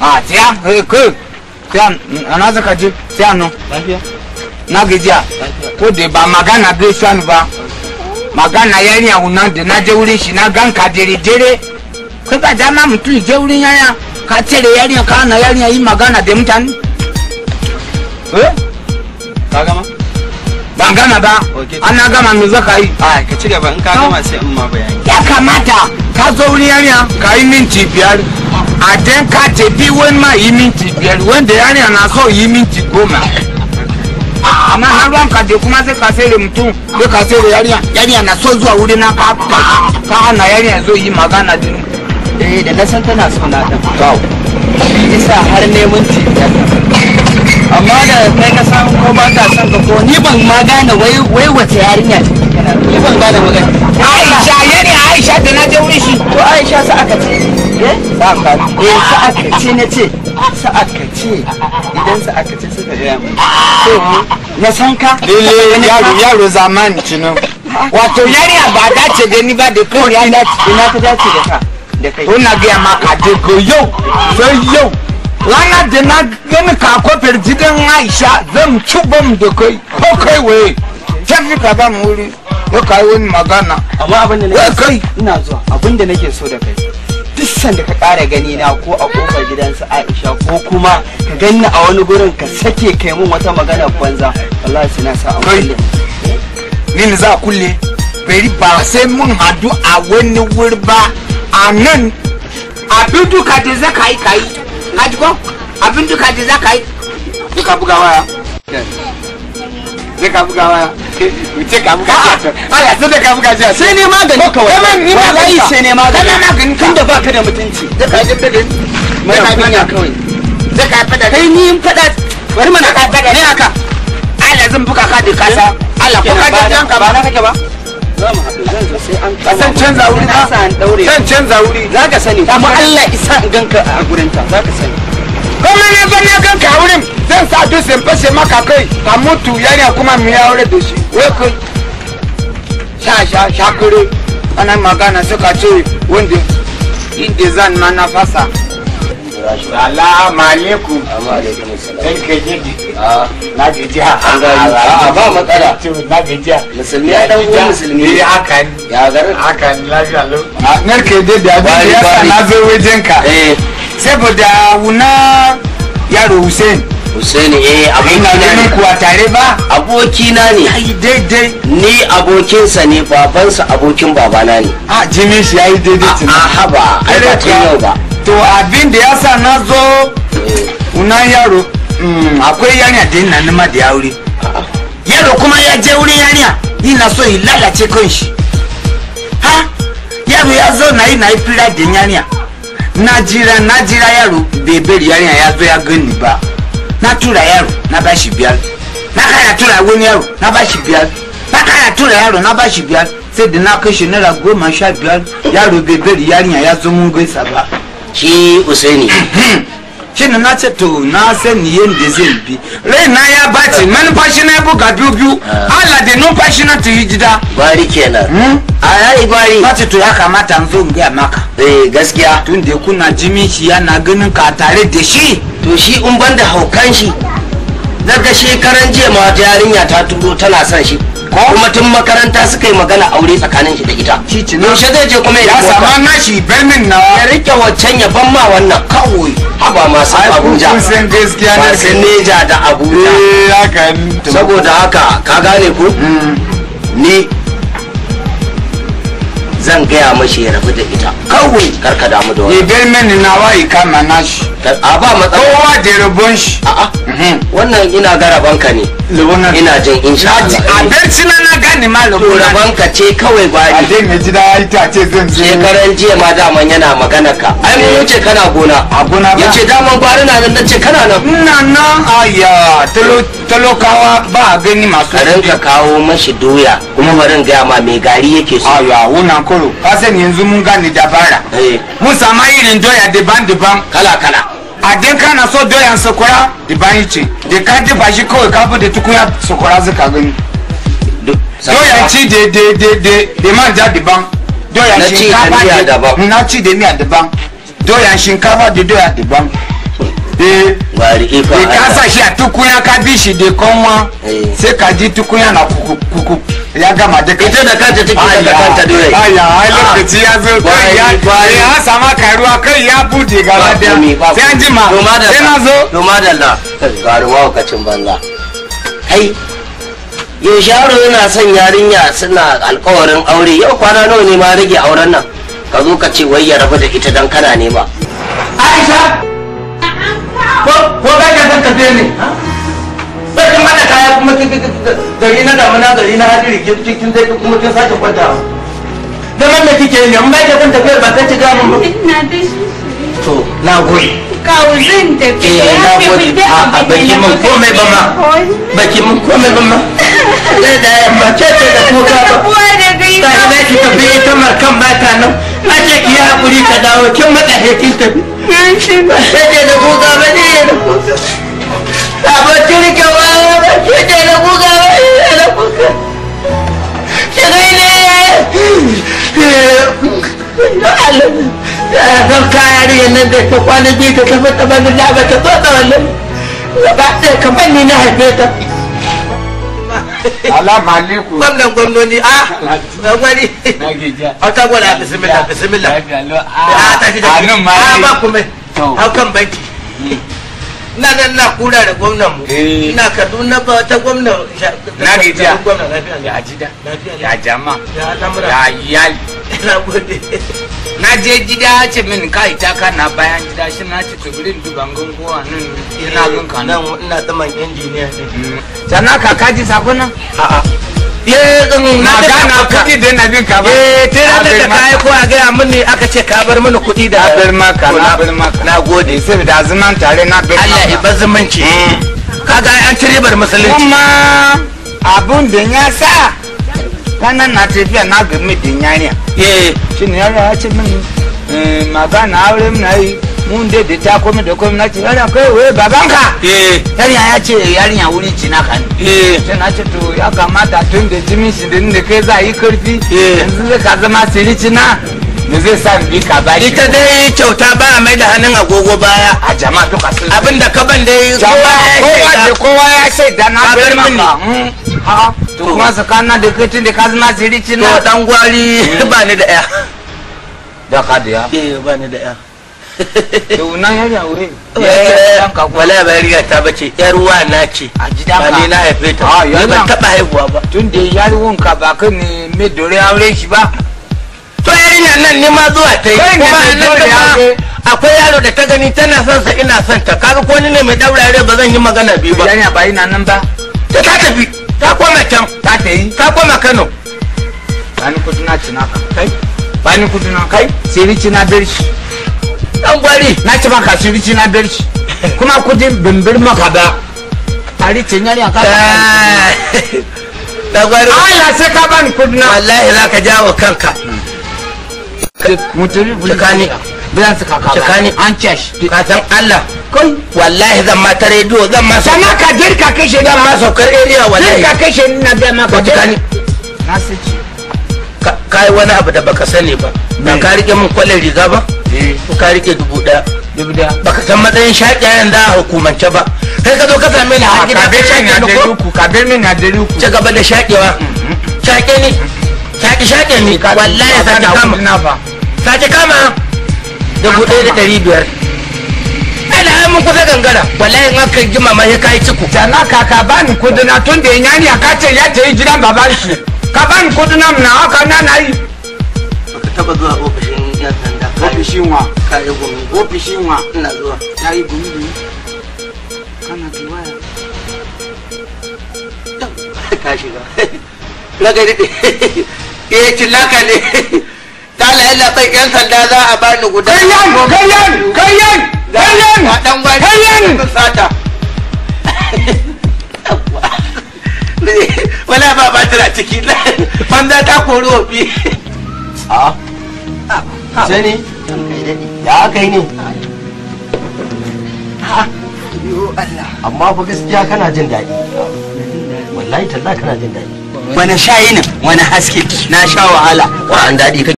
a tsaya kai tsaya ana zaka je tsaya nan na gajiya ko da magana bai shanu ba magana yarinya wunan da na je wurin shi na gan ka dere dere kai ka dama mutu je wurin yaya ka cire yarinya ka na yarinya yi magana da mutane eh ka gama ba anagama gama me zaka yi a ka ya kamata ka zo wurin yarinya ka yi minti a den ka te bi wen ma yi min ti biyar wen da yani ana so yi min ti goma amma ah, har ruwan ka kuma sai ka sai mutum sai ka sai yarinya yarinya na so zuwa wuri na ka ka ana yarinya zo yi magana din eh da na san tana so na dan kawo isa har neman ti amma da kai ka san ko ba ka san ka ko ni ban ma gane wai wai wace yarinya ce ni ban gane magana Aisha yari Aisha da na je wuri shi to Aisha sa aka ce ba ka eh na ce sa'a kace idan suka na san ka lele yaro yaro wato yariya ba dace da ni ba da ya dace ina ka da ka da kai wannan gaya maka da ko yau sai yau lana da na gani ka kofar gidan aisha zan ci bam da kai ko kai waye can ka ba mu wuri ya kai wani magana amma nake abin da nake so da kai duk sanda ka ƙara gani na ko a kofar gidansa Aisha ko kuma ka ganni a wani gurin ka sake kai mun wata magana banza wallahi sai na sa a kulle ni za a kulle bari ba sai mun hadu a wani wuri ba a nan abin duka da za ka yi ka yi ka abin duka da za ka yi duka buga waya sai ka buga waya ce ka buga jiya ala sai da ka buga jiya sai ne magani kawai ni wallahi sai ne magani kana magani tunda baka da mutunci da ka ji da mai magana kawai da ka fada kai ni in fada bari mana ka fada ne haka ala zan buga ka da kasa ala ko ka ji ka ba na kake ba zan canza wuri na zan canza wuri za ka sani amma Allah isa ganka a gurinta za ka sani kuma na fa na kan ka wurin zan sa dusin fashe maka kai ka mutu yana kuma mu ya aure da shi wai kai sha sha shakure ana magana suka ce wanda inda zan ma na fasa Salamu alaikum. Ɗan ke jidi. Na gajiya. A ah, ah, ah, ba matsala. Na gajiya. Musulmi ya ɗan uwan musulmi. Ni eh, hakan. Ya garin. Hakan lafiya lau. Narke jidi abin da ya sa na zo wajen ka. Eh. saboda wuna yaro hussein hussein eh abokina ne kuwa tare ba abokina ne yayi daidai ni abokinsa ne babansa abokin babana ne a jimin shi yayi daidai tun a haba ai ba tun yau ba to abin da yasa na zo eh. wuna yaro mm, akwai yanya da ina nima da ya wuri yaro kuma ya je wurin yanya ina so yi lalace kanshi ha yaro ya zo na yi na yi fira da yanya na jira na jira yaro bai bari yarinya ya zo ya gani ba na tura yaro na ba shi biyar na kara tura wani yaro na ba shi biyar na kara tura yaro na ba shi biyar sai da na kashe naira goma sha biyar yaro bai bari yarinya ya zo mun gaisa ba shi usaini shine na ce to na sani de zai bi na ya baci manufashi na ya buga biu biyu ah. ala da numfashi na ta gida bari kenan hmm? ah, a yayi bari na ce to ya kamata an zo maka eh gaskiya tun da kuna jimin shi ganin ka tare da shi to shi in ban da haukan shi daga shekaran jiya ma ta yarinya ta turo tana son shi kuma tun makaranta suka yi magana aure tsakanin shi da ita yaushe zai je kuma ya sama na shi birnin na ya rike waccan ya ban ma wannan kawai haba masu abuja masu neja da abuja eh, saboda haka ka gane ku hmm. ni zan gaya mashi ya rabu da ita kawai karka damu da wani ya birnin na wa kama na shi a ba matsala kowa da rubun shi a'a mhm. wannan ina ga rabanka ne rubuna ina jin insha Allah abinci na na gani ma rubuna rabanka ce kawai gwari a dai mai jina ya ta ce zan je shekaran jiya ma daman yana magana ka ai mun wuce kana gona a gona ba yace daman gwari na nan nace kana nan ina nan ayya talo kawa ba gani masu karin ka kawo mashi doya kuma barin gaya ma mai gari yake so ayya wannan koro ka sani yanzu mun gane dabara eh. mun sama irin doya daban-daban kala-kala a din kana so doyan sakwara ibayi ce da ka dafa shi kawai kafin da tukunya sakwara zaka gani doyan e ci da da da da da manja daban doyan shinkafa da na ci da miya daban doyan shinkafa da doya daban da ka sa shi a tukunya ka bi shi da kanwa eh. sai ka ji tukunya na kuku ya gama duka ita da kanta take daga kanta dole aya ai ah. lokaci ya zo kai ya kai ya sama karuwa kai ya bude gaba da sai an jima sai na zo doma da Allah garuwa kacin banza kai yaro yana son yarinya suna alkawarin aure yau kwana nawa ne ma rage auren nan ka zo ka ce wai ya rabu da ita dan kana ba. aisha ko ko ga ka san ka ne sai kin mata kaya kuma gari na damuna gari na hadiri kin zai kuma kin sake kwanta zaman da kike ne amma da kun tafiya ba ta ci gamin ba ina da shi to na gode kawo zan tafi ya ke mun da a mun komai ba ma baki mun komai ba ma da da yamma ce ce da kuka ba ta ga ki tafi ta markan ba ta nan a ce ki ya hakuri ka dawo kin maka kin tafi ba ce da kuka ba ne da kuka wallahi don kaya da yannan da ta kwana biyu da ta fata bani da ba ta zo da wallahi gaba ɗaya kamar ni na haife ta Alama aliku. Gwamnan gwamnoni a gwani. Auta gwada bisimila bisimila. A tafi da a ba kuma. Hau kan banki. na nan na kura da gwamnan mu ina eh. kaduna ba ta gwamnan na gajiya ya ajida ya jama ya iyali na gode na je gida ce min ka ta ka na bayan gida shi na ce to birin duban gungowa nan ina gunka kana eh, ina zaman injiniya ne mm. sannan kaji sakuna a'a magana kuɗi da na bin ka eh tana da kai ko a gaya mini aka ce ka bar mini kuɗi da abin maka na abin maka na gode saboda zaman tare na bin Allah ya bar zumunci mm. kaga an ci ribar musulunci kuma abun da ya sa ranar na tafiya na gami da yanya eh shi ne ya ce mini eh, magana aure muna yi mun daidaita komai da na nace yana kai wai babanka eh. yarinya ya ce yarinya wuri ci na kan eh. sai na ce to ya kamata tun da jimin shi da kai za yi karfi eh. yanzu zai ka zama sirici na da zai sa bi ka ba ita dai kyauta ba mai da hannun agogo baya a jama'a duka sun abin da ka ban dai kowa ya ce da na bar mm, ha. to kuma tsakanin da kai tun da ka zama sirici na dan gwari ba ni da ya da ka da ya ba ni da ya nan eh, ya aure wala ba riga ta bace yar wa na ce a ba ni na haife ta ah, ni ban taba haihuwa ba tun da yar wanka ba kan me dore aure shi ba to yarinya nan ne ma zuwa ta yi kuma nan da akwai yaro da ta gani tana son sa ina son ta kaga ko ni ne mai daurare ba zan yi magana biyu ba yarinya ba ina nan ba ta ta tafi ta koma can ta ta yi ta koma Kano bani kuduna ka kai bani kuduna kai sai ni cina birshi dan gwari na ci maka asirici na garci kuma kudin bimbir maka ba tare ce nyari a kafa dan eh, gwari Allah sai ka bani kudin wallahi za ka jawo kanka mutumi bulkani bilan su kaka tsakani an ce shi kasan Allah kai wallahi zan ma ta rediyo zan ma sa sama ka girka kai zan ma saukar area wallahi girka kai ni na ga ma ka tsakani na sace kai wani abu da baka sani ba ba ka rike min kwallon riga ba to eh, ka rike dubu daya dubu daya baka san matsayin shaƙiyayen da a hukumance ba kai ka zo ka same ni har ah, gida ka shaƙe ni ko ka bar min na dari uku ci gaba da shaƙewa shaƙe ni shaƙe shaƙe ni wallahi ya sake kama sake kama dubu ɗaya da ɗari biyar ala ai mun kusa gangara wallahi in aka ji mama ya kai ciku jana kaka bani kuduna tun da yanyani ya kace ya ta yi gidan baban ka bani kuduna na haka na na yi baka taba zuwa ofishin ofishin wa kare wa na yi ka eh, yan sanda za a bani guda kayyan a dan ta kori wofi ah. Ah. sai ne ya aka yi ne amma fa gaskiya kana jin daɗi wallahi talla kana jin daɗi wani shayi ne wani haske na sha wahala wa an daɗi